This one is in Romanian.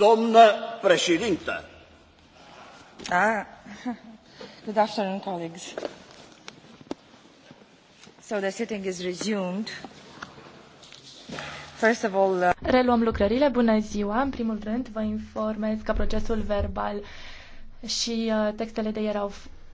Doamnă președintă! Ah. Good afternoon, colleagues. So the sitting is resumed. First of all, uh... Reluăm lucrările. Bună ziua! În primul rând, vă informez că procesul verbal și uh, textele de ieri au